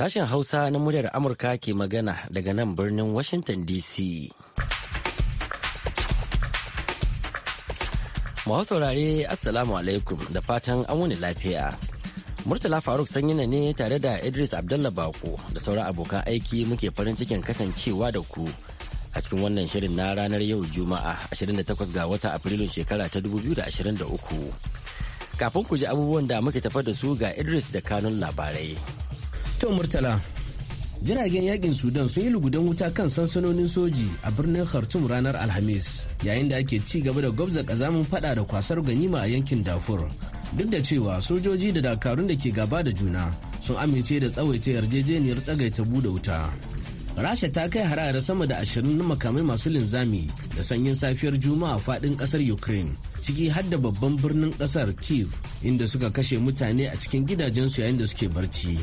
Sashen Hausa na muryar Amurka ke magana daga nan birnin Washington DC. Masu saurare Assalamu alaikum da fatan an lafiya. Murtala Faruk Sanyina ne tare da Idris Abdullah Bako da sauran abokan aiki muke farin cikin kasancewa da ku a cikin wannan shirin na ranar yau Juma'a 28 ga wata Afrilun shekara ta 2023. Kafin ku ji abubuwan da muke tafa da su ga Idris da kanun labarai. to murtala jiragen yakin sudan sun yi lugudan wuta kan sansanonin soji a birnin khartoum ranar alhamis yayin da ake ci gaba da gwabza kazamin fada da kwasar ganima a yankin dafur duk da cewa sojoji da dakarun da ke gaba da juna sun amince da tsawaita yarjejeniyar tsagaita buɗe wuta rasha ta kai harare sama da ashirin na makamai masu linzami da sanyin safiyar juma'a fadin kasar ukraine ciki har da babban birnin kasar kiev inda suka kashe mutane a cikin gidajensu yayin da suke barci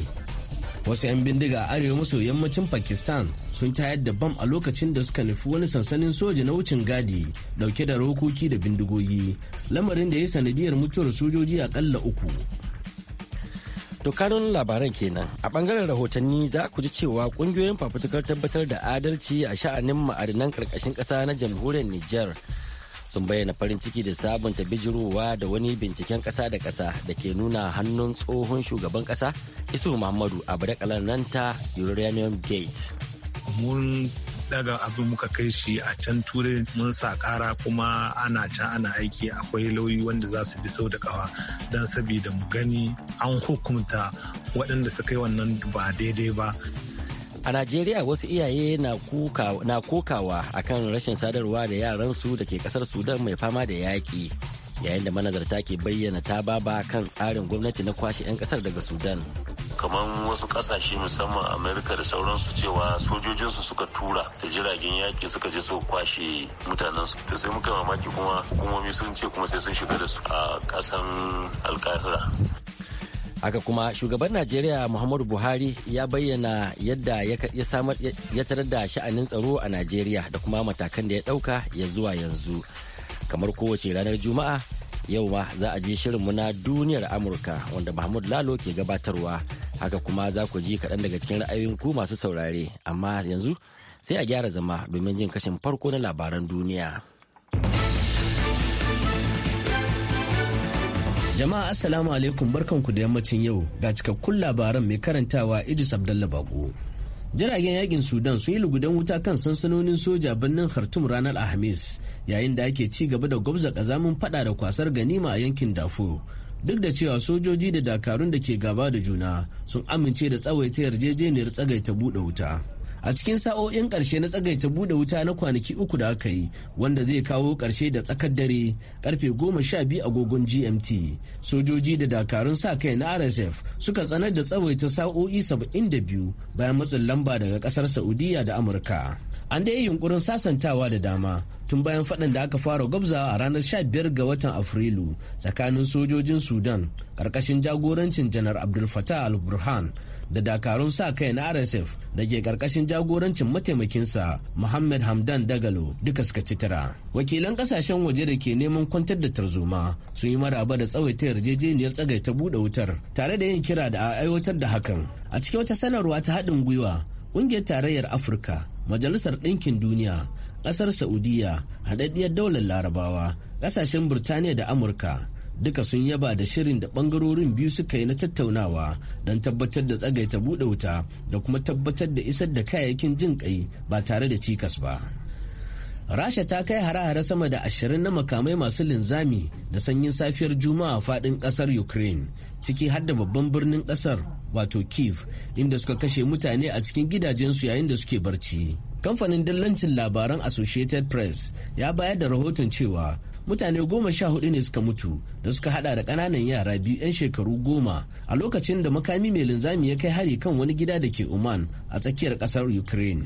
wasu 'yan bindiga a arewa maso yammacin pakistan sun tayar da bam a lokacin da suka nufi wani sansanin soja na wucin gadi dauke da rokoki da bindigogi lamarin da ya sanadiyar mutuwar sojoji a akalla uku kanun labaran kenan a bangaren rahotanni za ku ji cewa kungiyoyin fafutukar tabbatar da adalci a sha'anin ma'adanan karkashin kasa na jamhuriyar niger sun bayyana farin ciki da sabunta bijirowa da wani binciken kasa da kasa da ke nuna hannun tsohon shugaban kasa isu muhammadu a badakalar nan ta uranium gate mun daga abin muka kai shi a can turai mun sa kara kuma ana can ana aiki akwai lauyi wanda za su bi sau da kawa don sabida mu gani an hukunta waɗanda suka yi wannan ba daidai ba a najeriya wasu iyaye na kokawa a kan rashin sadarwa da yaransu da ke kasar sudan mai fama da yaƙi yayin da manazarta ke bayyana ta baba kan tsarin gwamnati na kwashe 'yan kasar daga sudan kamar wasu kasashe musamman amerika da sauransu cewa sojojinsu suka tura da jiragen yaƙi suka je su kwashe mutanensu ta sai muka mamaki kuma hukumomi sun ce kuma sai sun shiga da su a ƙasan alkahira haka kuma shugaban najeriya muhammadu buhari ya bayyana yadda ya tarar da sha'anin tsaro a najeriya da kuma matakan da ya ɗauka ya zuwa yanzu kamar kowace ranar juma'a yau ma za a je shirinmu na duniyar amurka wanda mahmud lalo ke gabatarwa haka kuma za ku ji kaɗan daga cikin ra'ayoyin ku masu saurare amma yanzu sai a gyara zama domin jin kashin farko na labaran duniya. Jama'a Assalamu alaikum ku da yammacin yau ga cikakkun labaran mai karantawa Idris Abdullahi Bako. Jiragen yakin Sudan sun yi lugudan wuta kan sansanonin soja birnin Khartoum ranar Alhamis yayin da ake ci gaba da gwabza kazamin fada da kwasar ganima a yankin dafo Duk da cewa sojoji da dakarun da ke gaba da juna sun amince da tsawaita yarjejeniyar tsagaita buɗe wuta. a cikin sa'o'in ƙarshe na tsagaita bude wuta na kwanaki uku da aka yi wanda zai kawo ƙarshe da tsakar dare karfe goma sha biyu agogon gmt sojoji da dakarun sa kai na rsf suka tsanar da tsawaita sa'o'i saba'in da biyu bayan matsin lamba daga ƙasar saudiya da amurka an da yi yunkurin sasantawa da dama tun bayan faɗin da aka fara gwabzawa a ranar sha biyar ga watan afrilu tsakanin sojojin sudan ƙarƙashin jagorancin janar abdul fatah al-burhan da dakarun sa kai na rsf da ke karkashin jagorancin mataimakinsa muhammad hamdan dagalo duka suka ci tara wakilan kasashen waje da ke neman kwantar da tarzoma sun yi maraba da tsawaita yarjejeniyar ta buɗe wutar tare da yin kira da a aiwatar da hakan a cikin wata sanarwa ta haɗin gwiwa ƙungiyar tarayyar afirka majalisar ɗinkin duniya ƙasar saudiya haɗaɗɗiyar daular larabawa ƙasashen burtaniya da amurka duka sun yaba da shirin da bangarorin biyu suka yi na tattaunawa don tabbatar da tsagaita buɗe wuta da kuma tabbatar da isar da kayayyakin jin kai ba tare da cikas ba rasha ta kai hare-hare sama da ashirin na makamai masu linzami da sanyin safiyar juma'a faɗin ƙasar ukraine ciki har da babban birnin ƙasar wato kiev inda suka kashe mutane a cikin gidajensu yayin da suke barci kamfanin dillancin labaran associated press ya bayar da rahoton cewa mutane goma sha hudu ne suka mutu da suka hada da kananan yara biyu 'yan shekaru goma a lokacin da makami mai linzami ya kai hari kan wani gida da ke oman a tsakiyar kasar ukraine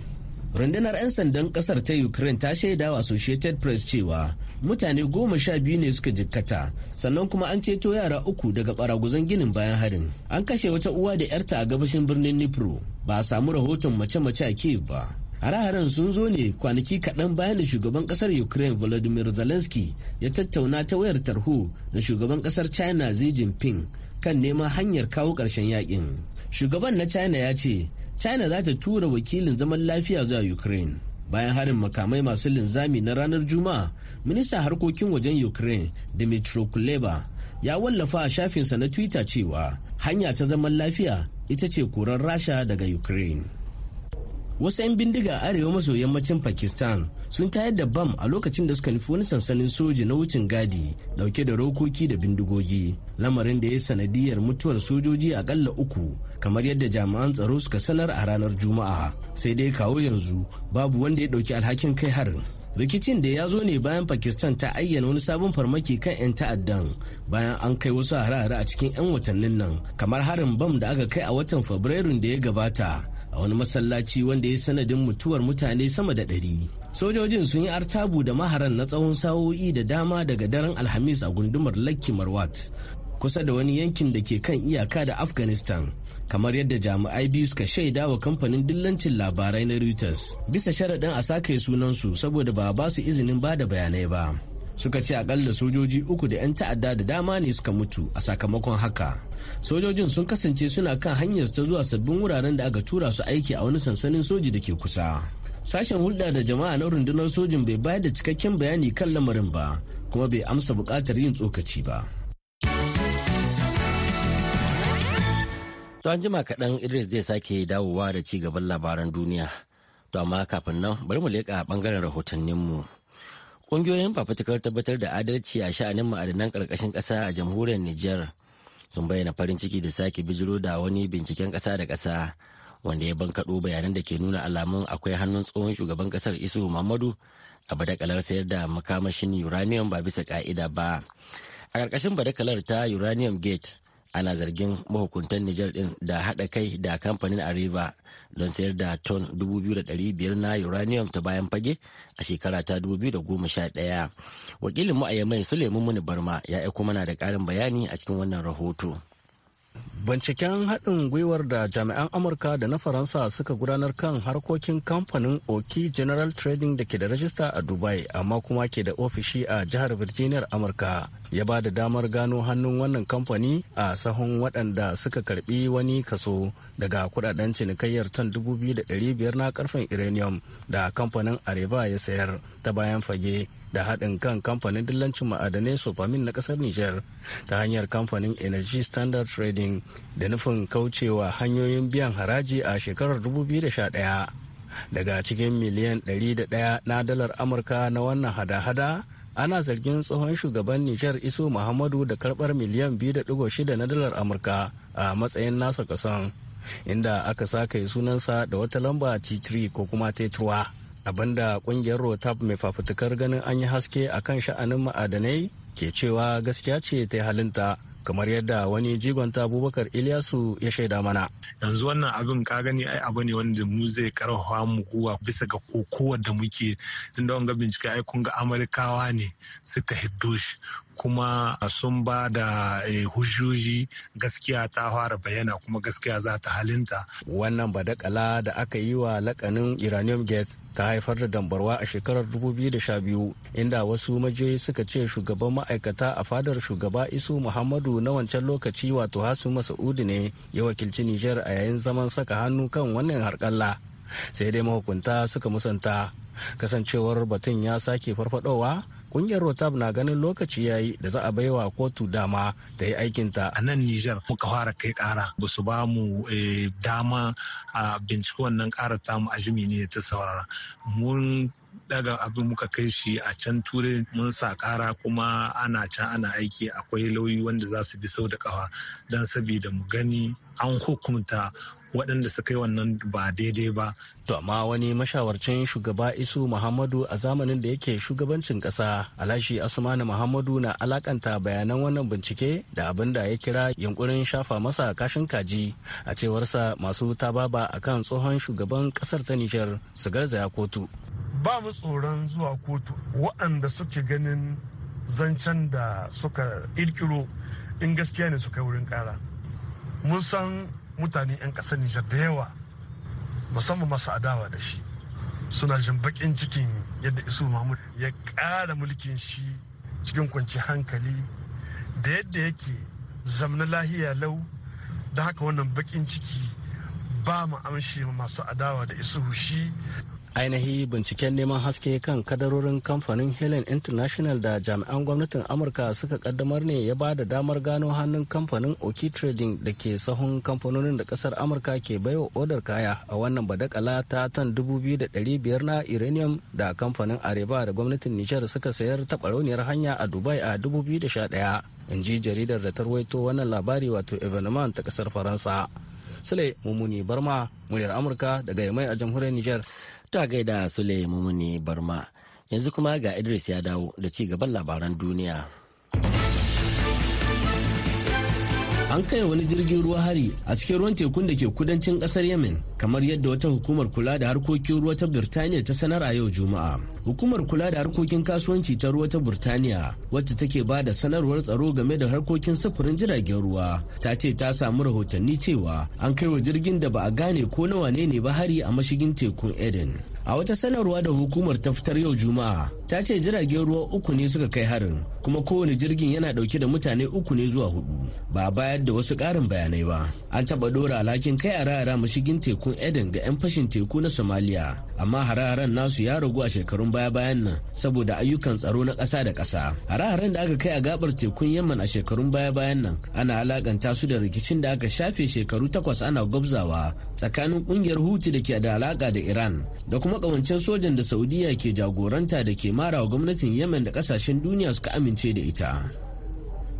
rundunar 'yan sandan kasar ta ukraine ta shaida wa associated press cewa mutane goma sha biyu ne suka jikkata sannan kuma an ceto yara uku daga baraguzan ginin bayan harin an kashe wata uwa da 'yarta a gabashin birnin nipro ba a samu rahoton mace-mace a kiev ba Hare-haren sun zo ne kwanaki kaɗan bayan da shugaban ƙasar Ukraine Volodymyr Zelensky ya tattauna ta wayar tarho na shugaban ƙasar China Xi Jinping kan neman hanyar kawo ƙarshen yakin. Shugaban na China ya ce, China za ta tura wakilin zaman lafiya zuwa Ukraine. Bayan harin makamai masu linzami na ranar Juma'a, ministan harkokin wajen Ukraine Dmitry Kuleba ya wallafa a shafinsa na Twitter cewa hanya ta zaman lafiya ita ce korar Rasha daga Ukraine. wasu 'yan bindiga arewa maso yammacin pakistan sun tayar da bam a lokacin da suka nufi wani sansanin soja na wucin gadi dauke da rokoki da bindigogi lamarin da ya yi sanadiyar mutuwar sojoji akalla uku kamar yadda jami'an tsaro suka sanar a ranar juma'a sai dai kawo yanzu babu wanda ya dauki alhakin kai harin rikicin da ya zo ne bayan pakistan ta ayyana wani sabon farmaki kan 'yan ta'addan bayan an kai wasu hare-hare a cikin 'yan watannin nan kamar harin bam da aka kai a watan fabrairun da ya gabata a wani masallaci wanda ya sanadin mutuwar mutane sama da ɗari. Sojojin sun yi artabu da maharan na tsawon sa'o'i da dama daga daren Alhamis a gundumar Lakki Marwat kusa da wani yankin da ke kan iyaka da Afghanistan. kamar yadda jami'ai biyu suka shaida wa kamfanin dillancin labarai na Reuters bisa sharaɗin a sake sunansu saboda ba ba su izinin ba da bayanai ba. suka ce akalla sojoji uku da 'yan ta'adda da dama ne suka mutu a sakamakon haka sojojin sun kasance suna kan hanyar ta zuwa sabbin wuraren da aka tura su aiki a wani sansanin soji da ke kusa sashen hulɗa da jama'a na rundunar sojin bai bayar da cikakken bayani kan lamarin ba kuma bai amsa buƙatar yin tsokaci ba To an jima kaɗan Idris zai sake dawowa da ci gaban labaran duniya. To amma kafin nan bari mu leƙa ɓangaren rahotanninmu. mu. Ƙungiyoyin fafatakar tabbatar da adalci a sha'anin ma'adanan ƙarƙashin ƙasa a jamhuriyar Nijar sun bayyana farin ciki da sake bijiro da wani binciken ƙasa da ƙasa wanda ya bankaɗo bayanan da ke nuna alamun akwai hannun tsohon shugaban ƙasar Isu Muhammadu a badakalar sayar da makamashin uranium ba bisa ƙa'ida ba. A ƙarƙashin badakalar ta uranium gate ana zargin mahukuntan Nijar din da haɗa kai da kamfanin Areva don sayar da ton 2,500 na uranium ta bayan fage a shekara ta 2011. Wakilin mu a Yamai Muni Barma ya aiko mana da ƙarin bayani a cikin wannan rahoto. Binciken haɗin gwiwar da jami'an Amurka da na Faransa suka gudanar kan harkokin kamfanin Oki General Trading da ke da rajista a Dubai amma kuma ke da ofishi a jihar Virginia Amurka ya ba da damar gano hannun wannan kamfani a sahun waɗanda suka karbi wani kaso daga kudaden cinikayyar tan 2,500 na karfen uranium da kamfanin areva ya sayar ta bayan fage da haɗin kan kamfanin dillancin ma'adanai sofamin na ƙasar niger ta hanyar kamfanin Energy Standard Trading da nufin kaucewa hanyoyin biyan haraji a shekarar 2011. Daga cikin miliyan 101 na dalar Amurka na wannan hada-hada ana zargin tsohon shugaban Nijar Iso Muhammadu da karbar miliyan 2.6 na dalar Amurka a matsayin nasa kason inda aka saka sunansa da wata lamba T3 ko kuma t abinda kungiyar Rotab mai fafutukar ganin an yi haske kan sha'anin ma'adanai ke cewa gaskiya ce ta halinta kamar yadda wani jigonta abubakar ilyasu ya shaida mana yanzu wannan abin ka gani ai abu ne wanda mu zai karfafa mu guwa bisa ga kokowar da muke tunda wanga bincike ai kun ga amurkawa ne suka hiddo shi kuma sun ba da eh, hujjoji gaskiya ta fara bayyana kuma gaskiya za ta halinta. Wannan badakala da aka yi wa lakanin Iranium Gate ta haifar da dambarwa a shekarar 2012 inda wasu majiyoyi suka ce shugaban ma'aikata a fadar shugaba Isu Muhammadu na wancan lokaci wato Hasu Masa'udu ne ya wakilci Nijar a yayin zaman saka hannu kan wannan harkalla. sai dai mahukunta suka musanta kasancewar batun ya sake farfadowa kungiyar rotab na ganin lokaci yayi da za a baiwa kotu dama ta yi aikinta a nan nijar muka fara kai kara ba su ba mu eh, dama a binciko wannan kara ta a ajimi ne ta saurara mun daga abin muka kai shi a can turai mun sa kara kuma ana can ana aiki akwai lauyi wanda za su bi sau da kawa don sabida mu gani an hukunta waɗanda suka yi wannan ba daidai ba. To amma wani mashawarcin shugaba Isu Muhammadu a zamanin da yake shugabancin ƙasa Alhaji Asmanu Muhammadu na alakanta bayanan wannan bincike da abin da ya kira yunkurin shafa masa kashin kaji a cewarsa masu tababa akan tsohon shugaban ƙasar ta Nijar su garzaya kotu. Ba mu tsoron zuwa kotu waɗanda suke ganin zancen da suka ƙirƙiro in gaskiya ne suka wurin ƙara. Mun san mutane 'yan ƙasar Nijar da yawa musamman masu adawa da shi suna jin baƙin cikin yadda isu mahmud ya ƙara mulkin shi cikin kwanci hankali da yadda yake zamna lahiya lau da haka wannan baƙin ciki ba ma amshi masu adawa da isu shi ainihi binciken neman haske kan kadarorin kamfanin helen international da jami'an gwamnatin amurka suka kaddamar ne ya ba da damar gano hannun kamfanin oki trading da ke sahun kamfanonin da kasar amurka ke baiwa odar kaya a wannan badakala ta tan 2,500 na uranium da kamfanin areba da gwamnatin nijar suka sayar ta hanya a dubai a 2011 in ji jaridar da tarwaito wannan labari wato evenement ta kasar faransa sule mummuni barma muryar amurka daga yamai a jamhuriyar nijar ta gaida suleimani Barma. Yanzu kuma ga Idris ya dawo da ci gaban labaran duniya. An kai wani jirgin ruwa hari a cikin ruwan tekun da ke kudancin kasar Yemen, kamar yadda wata hukumar kula da harkokin ruwa ta Birtaniya ta sanar a yau Juma'a. hukumar kula da harkokin kasuwanci ta ruwa ta burtaniya wacce take ba da sanarwar tsaro game da harkokin sufurin jiragen ruwa ta ce ta samu rahotanni cewa an kai wa jirgin da ba a gane ko na wane ne ba hari a mashigin tekun eden a wata sanarwa da hukumar ta fitar yau juma'a ta ce jiragen ruwa uku ne suka kai harin kuma kowane jirgin yana dauke da mutane uku ne zuwa hudu ba bayar da wasu karin bayanai ba an taba dora lakin kai a rara mashigin tekun eden ga 'yan fashin teku na somalia amma hare-haren nasu ya ragu a shekarun baya-bayan nan saboda ayyukan tsaro na ƙasa da ƙasa hare-haren da aka kai a gabar tekun yamman a shekarun baya-bayan nan ana alakanta su da rikicin da aka shafe shekaru takwas ana gwabzawa tsakanin ƙungiyar hutu da ke da alaka da iran da kuma ƙawancen sojan da saudiya ke jagoranta da ke marawa gwamnatin yemen da ƙasashen duniya suka amince da ita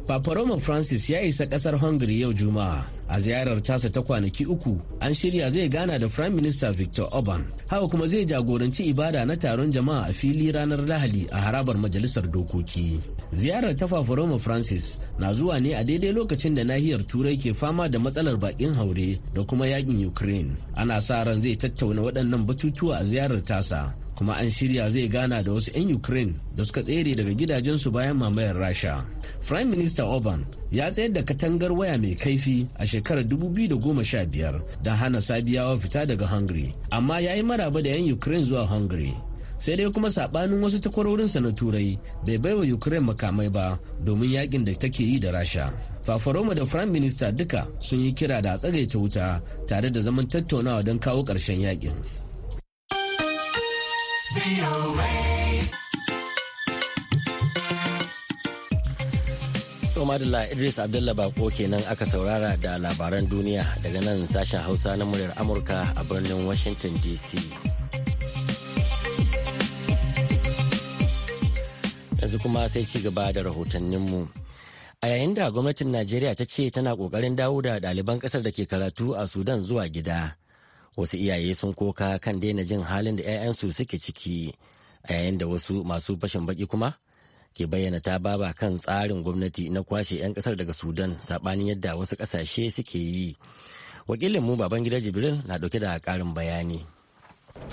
Papa Roman Francis ya isa kasar Hungary yau Juma'a. A ziyarar tasa ta kwanaki uku, an shirya zai gana da Prime Minister Victor Orban. Haka kuma zai jagoranci ibada na taron jama'a a fili ranar Lahadi a harabar Majalisar Dokoki. Ziyarar ta Papa Roman Francis na zuwa ne a daidai lokacin da nahiyar Turai ke fama da matsalar bakin haure da kuma yakin Ukraine. Ana sa ran zai tattauna waɗannan batutuwa a ziyarar tasa. kuma an shirya zai gana da wasu 'yan ukraine da suka tsere daga gidajensu bayan mamayar rasha prime minister orban ya tsayar da katangar waya mai kaifi a shekarar 2015 da hana sabiyawa fita daga hungary amma ya yi maraba da 'yan ukraine zuwa hungary sai dai kuma sabanin wasu takwarorinsa na turai bai baiwa ukraine makamai ba domin yakin da take yi da rasha fafaroma da prime minister duka sun yi kira da a tsagaita wuta tare da zaman tattaunawa don kawo ƙarshen yakin Madalla Idris Abdullah Bako kenan aka saurara da labaran duniya daga nan sashen Hausa na muryar Amurka a birnin Washington DC. Yanzu kuma sai ci gaba da rahotanninmu. A yayin da gwamnatin Najeriya ta ce tana kokarin dawo da ɗaliban ƙasar da ke karatu a Sudan zuwa gida. wasu iyaye sun koka kan daina jin halin da 'ya'yansu suke ciki a yayin da wasu masu fashin baki kuma ke bayyana ta baba kan tsarin gwamnati na kwashe 'yan kasar daga sudan saɓanin yadda wasu ƙasashe suke yi wakilin mu baban gida jibril na ɗauke da ƙarin bayani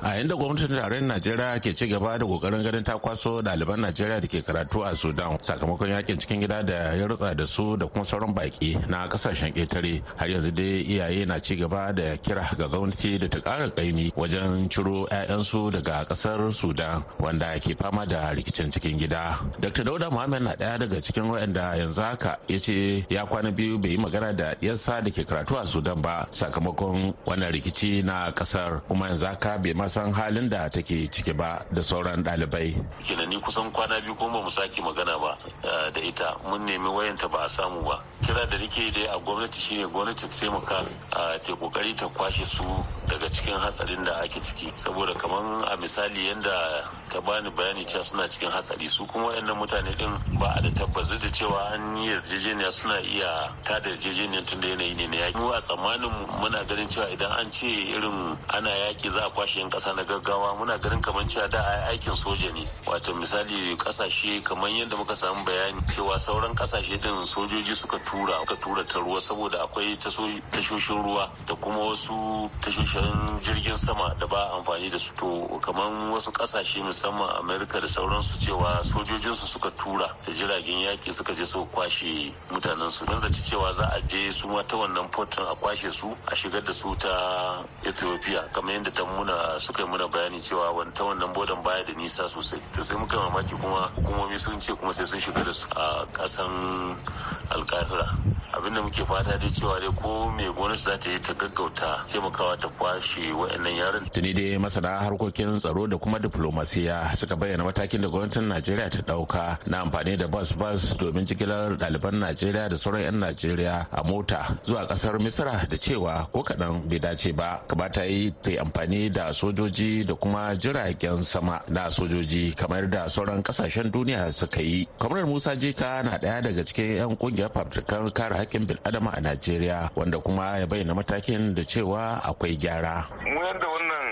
a inda gwamnatin tarayyar najeriya ke ci gaba da kokarin ganin ta kwaso ɗaliban najeriya da ke karatu a sudan sakamakon yakin cikin gida da ya rutsa da su da kuma sauran baki na kasashen ƙetare har yanzu dai iyaye na ci gaba da kira ga gwamnati da ta ƙara ƙaimi wajen ciro 'ya'yansu daga ƙasar sudan wanda ke fama da rikicin cikin gida dr dauda muhammad na ɗaya daga cikin waɗanda yanzu haka ya ce ya kwana biyu bai yi magana da ɗiyarsa da ke karatu a sudan ba sakamakon wannan rikici na kasar kuma yanzu haka bai ma san halin da take ciki ba da sauran ɗalibai. Kina ni kusan kwana biyu kuma ba mu sake magana ba eh, da ita mun nemi wayanta ba a samu ba kira da nake dai a gwamnati shine gwamnati ta taimaka eh, ta kokari ta kwashe su daga cikin hatsarin da ake ciki saboda kamar a misali yadda ta bani bayani cewa suna cikin hatsari su kuma wayannan mutane din ba a da tabbas da cewa an yi yarjejeniya suna iya tada yarjejeniya tun da yanayi ne na yaƙi mu a tsammanin muna ganin cewa idan an ce irin ana yaƙi za a kwashe yan ƙasa na gaggawa muna ganin kamar cewa da a aikin soja ne wato misali kasashe kamar yadda muka samu bayani cewa sauran kasashe din sojoji suka tura suka tura ta ruwa saboda akwai tashoshin ruwa da kuma wasu tashoshin makarantun jirgin sama da ba amfani da su to kamar wasu kasashe musamman amerika da sauransu cewa sojojinsu suka tura da jiragen yaki suka je su kwashe mutanen su mun zaci cewa za a je su ma ta wannan portin a kwashe su a shigar da su ta ethiopia kamar yadda ta muna suka yi muna bayani cewa wani ta wannan bodan baya da nisa sosai to sai muka mamaki kuma hukumomi sun ce kuma sai sun shiga da su a kasan alkahira abinda muke fata dai cewa dai ko mai gwamnati za ta yi ta gaggauta taimakawa ta kwa. kwashe waɗannan yaran. Tuni dai masana harkokin tsaro da kuma diplomasiya suka bayyana matakin da gwamnatin Najeriya ta ɗauka na amfani da bas bas domin jigilar ɗaliban Najeriya da sauran 'yan Najeriya a mota zuwa ƙasar Misira da cewa ko kaɗan bai dace ba. Kamata yi ta amfani da sojoji da kuma jiragen sama na sojoji kamar da sauran kasashen duniya suka yi. Kamar Musa Jika na ɗaya daga cikin 'yan ƙungiyar fafutukan kare haƙƙin bil'adama a Najeriya wanda kuma ya bayyana matakin da cewa akwai gyara. yara. Mu yadda wannan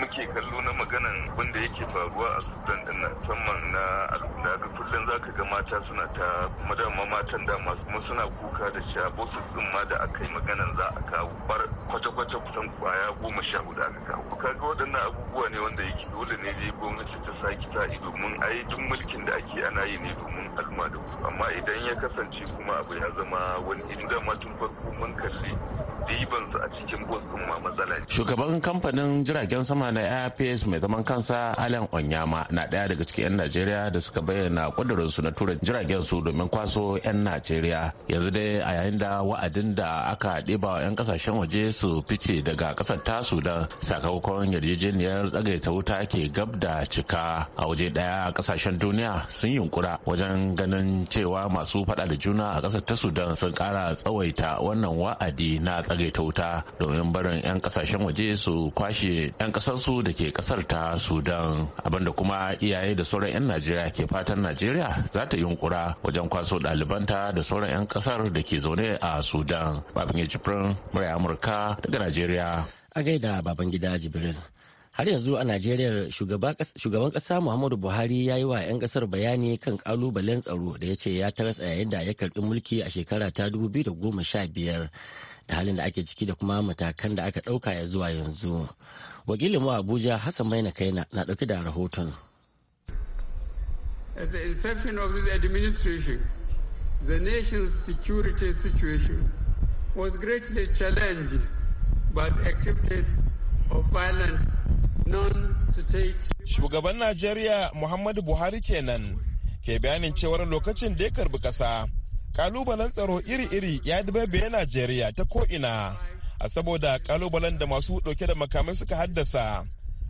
muke kallo na maganan wanda yake faruwa a sudan din musamman na al'umma ga kullum zaka ga mata suna ta kuma dama matan masu kuma suna kuka da cewa bosu din ma da aka yi maganan za a kawo bar kwata-kwata kusan kwaya goma sha hudu aka kawo ga waɗannan abubuwa ne wanda yake dole ne dai gwamnati ta saki ta ido mun ai duk mulkin da ake ana yi ne domin al'umma da amma idan ya kasance kuma abu ya zama wani irin da tun farko mun kalli dibansu a cikin bus din ma matsala shugaban kamfanin jiragen sama na airpace mai zaman kansa alan onyama na ɗaya daga cikin 'yan najeriya da suka bayyana ƙudurinsu na turin jiragen su domin kwaso 'yan najeriya yanzu dai a yayin da wa'adin da aka ɗiba wa 'yan kasashen waje su fice daga ƙasar ta sudan sakamakon yarjejeniyar tsagaita wuta ke gab da cika a waje ɗaya ƙasashen duniya sun yunkura wajen ganin cewa masu faɗa da juna a ƙasar ta sudan sun kara tsawaita wannan wa'adi na tsagaita wuta domin barin 'yan kasashen waje su kwashe 'yan ƙasarsu da ke ƙasar kasar ta sudan abinda kuma iyaye da sauran 'yan najeriya ke fatan najeriya za ta yunkura wajen kwaso ɗalibanta da sauran 'yan kasar da ke zaune a sudan babin ya jibrin murya amurka daga najeriya a gaida baban gida jibril har yanzu a najeriya shugaban ƙasa muhammadu buhari ya yi wa 'yan ƙasar bayani kan ƙalubalen tsaro da ya ce ya taras a yayin da ya karbi mulki a shekara ta 2015 da halin da ake ciki da kuma matakan da aka dauka ya zuwa yanzu wakilin mu abuja hassan maina kaina na ɗauki da rahoton as the inception of this administration, the nation's security situation was greatly challenged by the activities of violent non-state. Shugaban Najeriya Muhammadu Buhari kenan ke bayanin cewar lokacin da ya karbi kasa. Kalubalen tsaro iri-iri ya dubabe Najeriya ta ko'ina. a saboda kalubalen da masu ɗauke da makamai suka haddasa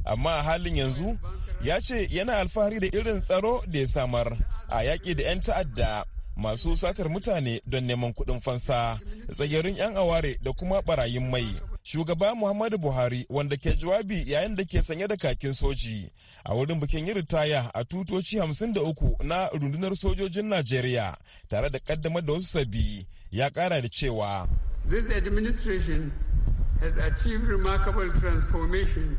amma a halin yanzu ya ce yana alfahari da irin tsaro da ya samar a yaƙi da 'yan ta'adda masu satar mutane don neman kuɗin fansa tsagerin 'yan aware da kuma barayin mai shugaba muhammadu buhari wanda ke jawabi yayin da ke sanye da kakin soji a wurin bikin yin ritaya a tutoci 53 na rundunar sojojin najeriya tare da kaddamar da wasu sabi ya kara da cewa This administration has achieved remarkable transformation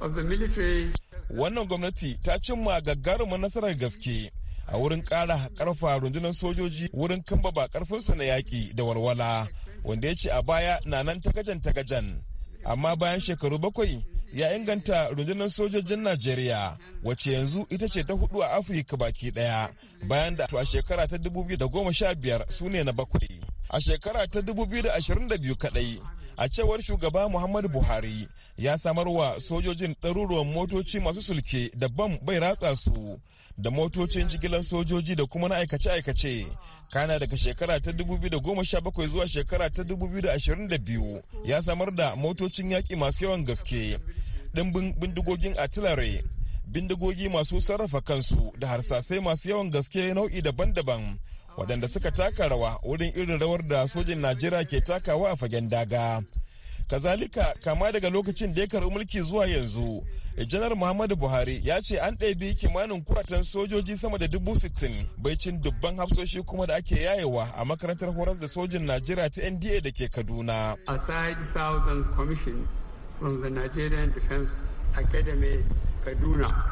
of the military. Wannan gwamnati ta cimma gagarumin nasarar gaske a wurin ƙara ƙarfa rundunar sojoji wurin kambaba ƙarfinsu na yaƙi da walwala wanda ya ce a baya na nan ta tagajan. Amma bayan shekaru bakwai ya inganta rundunar sojojin Najeriya wacce yanzu ita ce ta hudu a Afirka baki daya bayan da a shekara ta 2015 su ne na bakwai. A shekara ta 2022 kadai a cewar shugaba Muhammadu Buhari ya samarwa sojojin ɗaruruwan motoci masu sulke da bam bai ratsa su da motocin jigilar sojoji da kuma na aikace-aikace kana daga shekara ta 2017 zuwa shekara ta 2022 ya samar da motocin yaƙi masu yawan gaske ɗimbin bindigogin artillery bindigogi masu sarrafa kansu da harsasai masu yawan gaske nau'i daban-daban waɗanda suka taka rawa wurin irin rawar da sojin najeriya ke takawa a fagen daga kazalika kama daga lokacin da ya karɓi mulki zuwa yanzu Eh, janar muhammadu buhari ya ce an ɗabi kimanin kuwatan sojoji sama da dubu sittin baicin dubban hafsoshi kuma da ake yayewa a makarantar horar da sojin najeriya ta nda da ke kaduna aside southern commission from the nigerian defense academy kaduna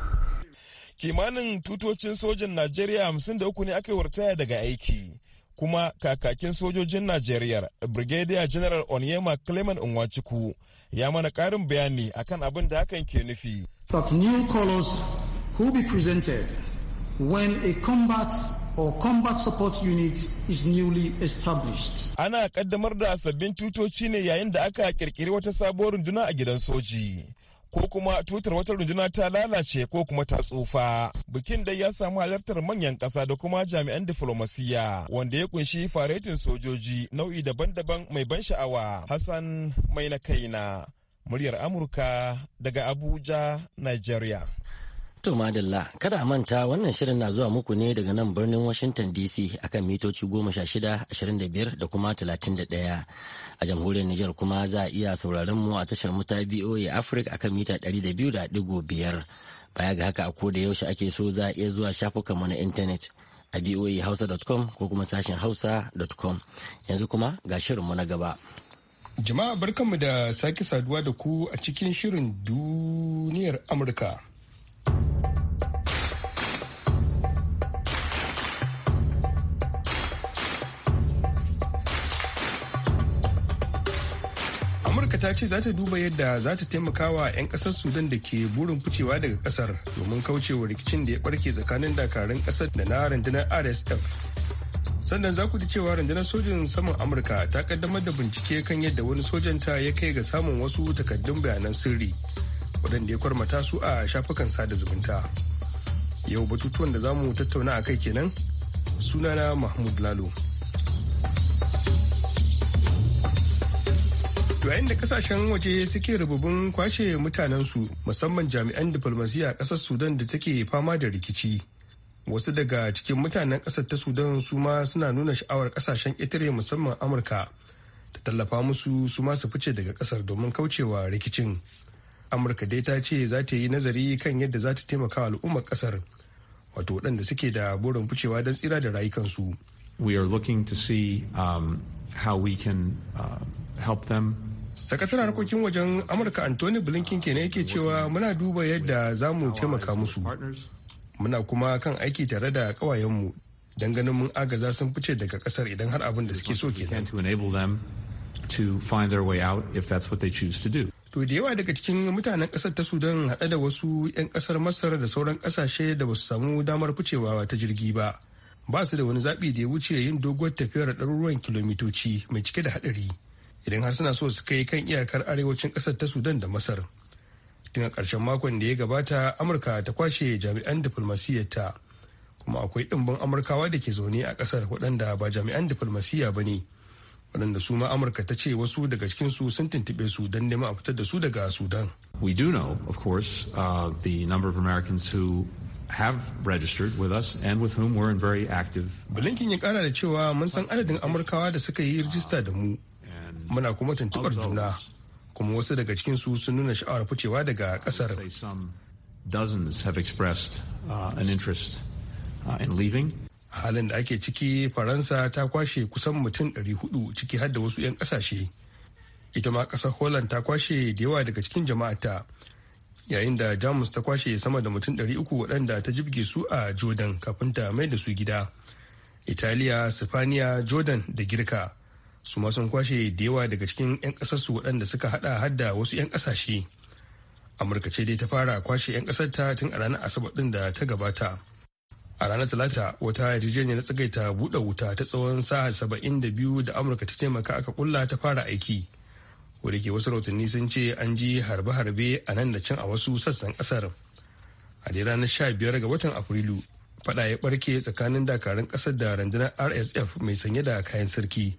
kimanin tutocin sojin najeriya hamsin da uku ne aka wartaya daga aiki kuma kakakin sojojin najeriya brigadier general onyema clement nwachukwu ya mana karin bayani akan abin da hakan ke nufi. That new colors will be presented when a combat or combat support unit is newly established. Ana kaddamar da sabbin tutoci ne yayin da aka kirkiri wata sabuwar runduna a gidan soji. ko kuma tutar wata runduna ta lalace ko kuma ta tsufa. Bikin dai ya samu halartar manyan ƙasa da kuma jami'an diflomasiya wanda ya kunshi faretin sojoji nau'i daban-daban mai ban sha'awa. Hassan mai na kaina muryar Amurka daga Abuja, Nigeria. To madalla kada a manta wannan shirin na zuwa muku ne daga nan birnin Washington DC akan mitoci goma sha shida, ashirin da biyar da kuma talatin da daya. A jamhuriyar Nijar kuma za a iya sauraron mu a tashar muta BOA Africa akan mita 200.5. Baya ga haka a ko da yaushe ake so za a iya zuwa shafukan mu na intanet a boahausa.com ko kuma sashen hausa.com. Yanzu kuma ga shirinmu na gaba. Jama'a barkanmu da sake saduwa da ku a cikin shirin duniyar Amurka. ta ce za ta duba yadda za ta taimaka wa 'yan kasar sudan da ke burin ficewa daga kasar domin kaucewa rikicin da ya barke tsakanin dakarun kasar da na rundunar rsf sannan za ku ji cewa rundunar sojin saman amurka ta kaddamar da bincike kan yadda wani sojanta ya kai ga samun wasu takaddun bayanan sirri waɗanda ya kwarmata su a shafukan sada zumunta yau batutuwan da za mu tattauna a kai kenan sunana mahmud lalo To yayin da kasashen waje suke rububin kwashe mutanensu musamman jami'an diflomasiyya ƙasar Sudan da take fama da rikici. Wasu daga cikin mutanen ƙasar ta Sudan su ma suna nuna sha'awar ƙasashen itare musamman Amurka ta tallafa musu su ma su fice daga ƙasar domin kaucewa rikicin. Amurka dai ta ce za ta yi nazari kan yadda za ta taimaka al'ummar ƙasar wato waɗanda suke da burin ficewa don tsira da rayukansu. We are looking to see um, how we can uh, help them sakataren harkokin wajen amurka anthony blinken kenan yake cewa muna duba yadda za mu taimaka musu muna kuma kan aiki tare da kawayenmu don ganin mun agaza sun fice daga kasar idan har abin da suke so kenan to da yawa daga cikin mutanen kasar ta sudan haɗe da wasu 'yan kasar masar da sauran kasashe da ba su samu damar ficewa ta jirgi ba ba su da wani zaɓi da ya wuce yin doguwar tafiyar ɗaruruwan kilomitoci mai cike da haɗari idan har suna so su kai kan iyakar arewacin ƙasar ta sudan da masar tun a ƙarshen makon da ya gabata amurka ta kwashe jami'an ta kuma akwai ɗimbin amurkawa da ke zaune a ƙasar waɗanda ba jami'an diflomasiyya ba ne waɗanda su ma amurka ta ce wasu daga cikin su sun tuntuɓe su don neman a fitar da su daga sudan we do know of course uh, the number of americans who have registered with us and with whom we're in very active. Blinken ya kara da cewa mun san adadin Amurkawa da suka yi rijista da mu muna kuma tuntubar juna kuma wasu daga cikin su sun nuna sha'awar ficewa daga kasar uh, uh, halin da ake ciki faransa ta kwashe kusan mutum 400 ciki har da wasu 'yan kasashe ita ma kasar holland ta kwashe da yawa daga cikin jama'ata yayin da jamus ta kwashe sama da mutum 300 waɗanda ta jibge su a jordan kafin ta mai da su gida italiya sifaniya jordan da girka su ma sun kwashe da yawa daga cikin 'yan ƙasarsu waɗanda suka hada hadda wasu 'yan ƙasashe amurka ce dai ta fara kwashe 'yan ƙasar ta tun a ranar asabar ɗin da ta gabata a ranar talata wata yarjejeniyar tsagaita buɗe wuta ta tsawon sa'a saba'in da biyu da amurka ta taimaka aka kulla ta fara aiki wadda ke wasu rahotanni sun ce an ji harbe-harbe a nan da can a wasu sassan ƙasar a dai ranar sha biyar ga watan afrilu fada ya barke tsakanin dakarun ƙasar da rundunar rsf mai sanye da kayan sarki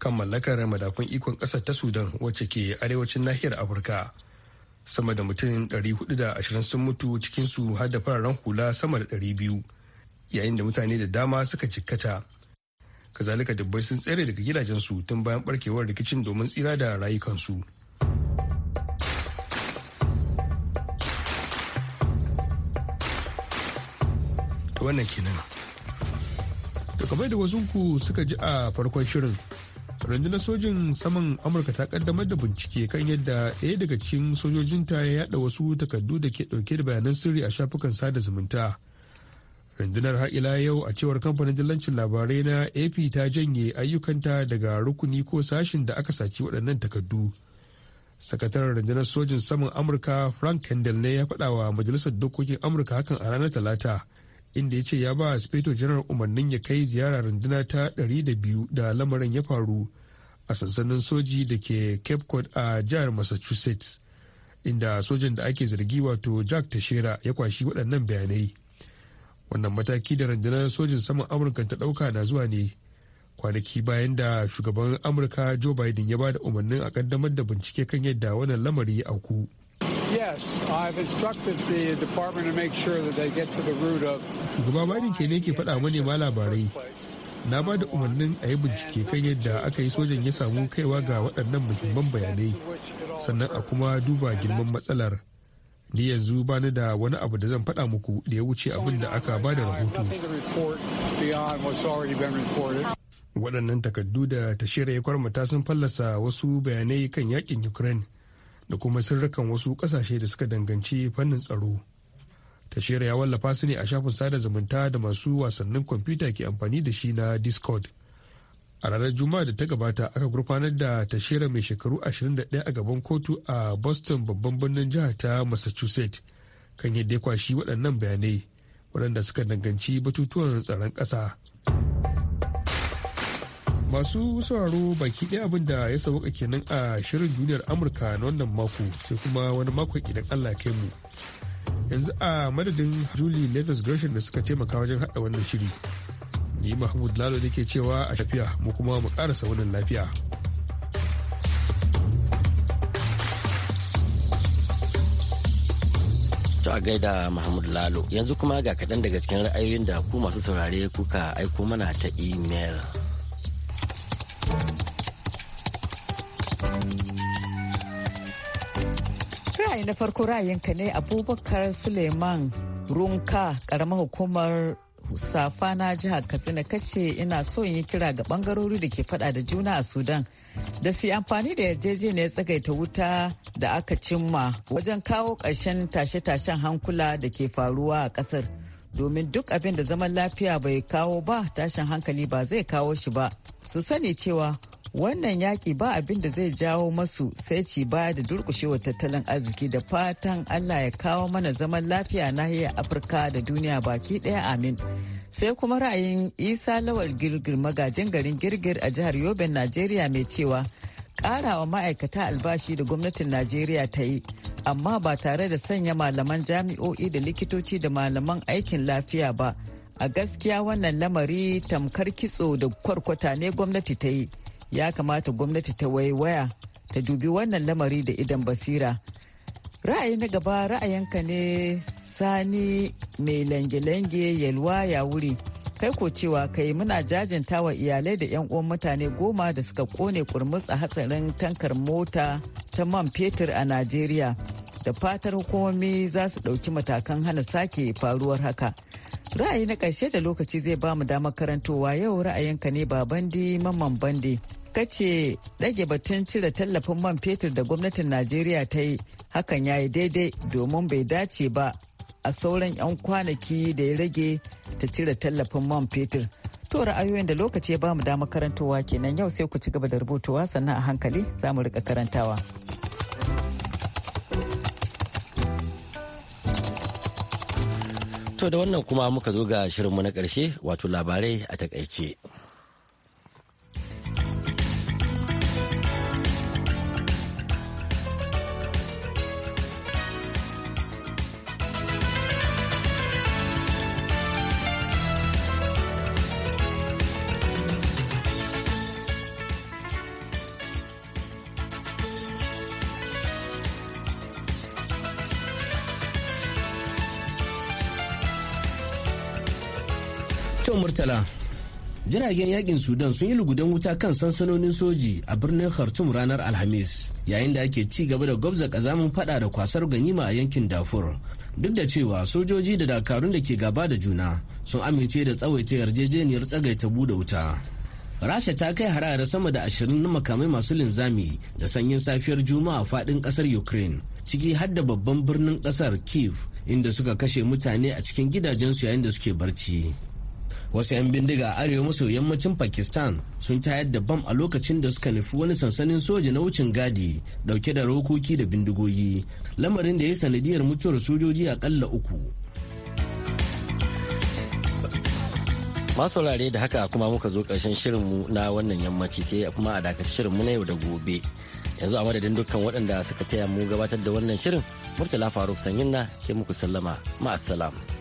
kan mallakar madafun ikon ƙasar ta sudan wacce ke arewacin nahiyar afirka sama da mutum 420 sun mutu cikinsu har da fararen hula sama da 200 yayin da mutane da dama suka cikkata kazalika dubbai sun tsere daga gidajensu tun bayan barkewar rikicin domin tsira da rayukansu wannan kenan da kamar da wasu ku suka ji a farkon shirin rundunar sojin saman amurka ta kaddamar da bincike kan yadda ɗaya daga cikin sojojinta ya yada wasu takardu da ke ɗauke da bayanan sirri a shafukan sada zumunta rundunar har ila yau a cewar kamfanin dillancin labarai na ap ta janye ayyukanta daga rukuni ko sashin da aka saci waɗannan takardu sakataren rundunar sojin saman amurka frank kendall ne ya faɗa wa majalisar dokokin amurka hakan a ranar talata inda ya ce ya ba speto janar umarnin ya kai ziyara runduna ta 200 da lamarin ya faru a sansanin soji da ke cape cod a jihar massachusetts inda sojan da ake zargi wato jack tashera ya kwashi waɗannan bayanai wannan mataki da rundunar sojin saman amurka ta ɗauka na zuwa ne kwanaki bayan da shugaban amurka joe biden ya ba da umarnin a ƙaddamar da bincike kan yadda wannan lamari ya auku. Shugaba Biden ke ne ke faɗa manema labarai. Na ba da umarnin a yi bincike kan yadda aka yi sojan ya samu kaiwa ga waɗannan muhimman bayanai, sannan a kuma duba girman matsalar. Ni yanzu ba ni da wani abu da zan faɗa muku da ya wuce abin da aka ba da rahoto. Waɗannan takaddu da ta shirya kwarmata sun fallasa wasu bayanai kan yakin Ukraine. da kuma sirrikan wasu kasashe da suka danganci fannin tsaro tashera ya wallafa su ne a shafin sada zumunta da masu wasannin kwamfuta ke amfani da shi na discord a ranar juma'a da ta gabata aka gurfanar da tashera mai shekaru 21 a gaban kotu a boston babban birnin jihar ta massachusetts kan yadda ya kwashi waɗannan bayanai waɗanda suka danganci batutuwan tsaron ƙasa. masu sauraro baki ɗaya abin da ya sauka kenan a shirin duniyar amurka na wannan mako sai kuma wani makon idan allah kai mu yanzu a madadin julie leathers gershon da suka taimaka wajen haɗa wannan shiri ni mahmud lalo da ke cewa a shafiya mu kuma mu ƙarasa wannan lafiya To a gaida Mahmud Lalo yanzu kuma ga kaɗan daga cikin ra'ayoyin da ku masu saurare kuka aiko mana ta imel. ra'ayi na farko ra'ayinka ne abubakar suleiman runka karamar hukumar safa na jihar katsina kace ina so yi kira ga bangarori da ke fada da juna a sudan da su amfani da yarjejeniyar tsagaita wuta da aka cimma wajen kawo karshen tashe-tashen hankula da ke faruwa a ƙasar domin duk abin da zaman lafiya bai kawo ba tashin hankali ba zai kawo shi ba su sani cewa wannan yaƙi ba abin da zai jawo masu sai ci baya da durƙushewa tattalin arziki da fatan allah ya kawo mana zaman lafiya nahiyar afirka da duniya baki ɗaya amin sai kuma ra'ayin isa lawal girgir magajin garin girgir a jihar yoben najeriya mai cewa ƙarawa ma'aikata albashi da gwamnatin najeriya ta yi amma ba tare da sanya malaman jami'o'i da likitoci da malaman aikin lafiya ba a gaskiya wannan lamari tamkar kitso da kwarkwata ne gwamnati ta yi ya kamata gwamnati ta waiwaya ta dubi wannan lamari da idan basira ra'ayi na gaba ra'ayinka ne sani mai lange-lange yalwa ya wuri kai ko cewa kai muna jajinta wa iyalai da 'yan uwan mutane goma da suka kone kurmus a hatsarin tankar mota ta man fetur a najeriya da fatar hukumomi za su ɗauki matakan hana sake faruwar haka ra'ayi na ƙarshe da lokaci zai ba mu damar karantowa yau ra'ayinka ne ba bandi mamman bandi kace ɗage batun cire tallafin man fetur da gwamnatin najeriya ta yi hakan ya yi daidai domin bai dace ba a sauran 'yan kwanaki da ya rage ta cire tallafin man fetur to ra'ayoyin da lokaci ya ba mu dama karantowa kenan yau sai ku ci gaba da rubutuwa sannan a hankali za mu rika karantawa to da wannan kuma muka zo ga shirinmu na ƙarshe wato labarai a takaice. jiragen yakin sudan sun yi lugudan wuta kan sansanonin soji a birnin khartoum ranar alhamis yayin da ake ci gaba da gwabza kazamin fada da kwasar ganima a yankin dafur duk da cewa sojoji da dakarun da ke gaba da juna sun amince da tsawaita yarjejeniyar tsagaita buɗe wuta rasha ta kai harare sama da ashirin na makamai masu linzami da sanyin safiyar juma'a fadin kasar ukraine ciki har da babban birnin kasar kiev inda suka kashe mutane a cikin gidajensu yayin da suke barci wasu 'yan bindiga a arewa maso yammacin pakistan sun tayar da bam a lokacin da suka nufi wani sansanin soja na wucin gadi dauke da rokoki da bindigogi lamarin da ya yi sanadiyar mutuwar sojoji a kalla uku saurare da haka kuma muka zo karshen shirinmu na wannan yammaci sai kuma a dakar shirinmu na yau da gobe yanzu a madadin dukkan waɗanda suka taya mu gabatar da wannan shirin murtala faruk sanyin na ke muku sallama ma'asalam.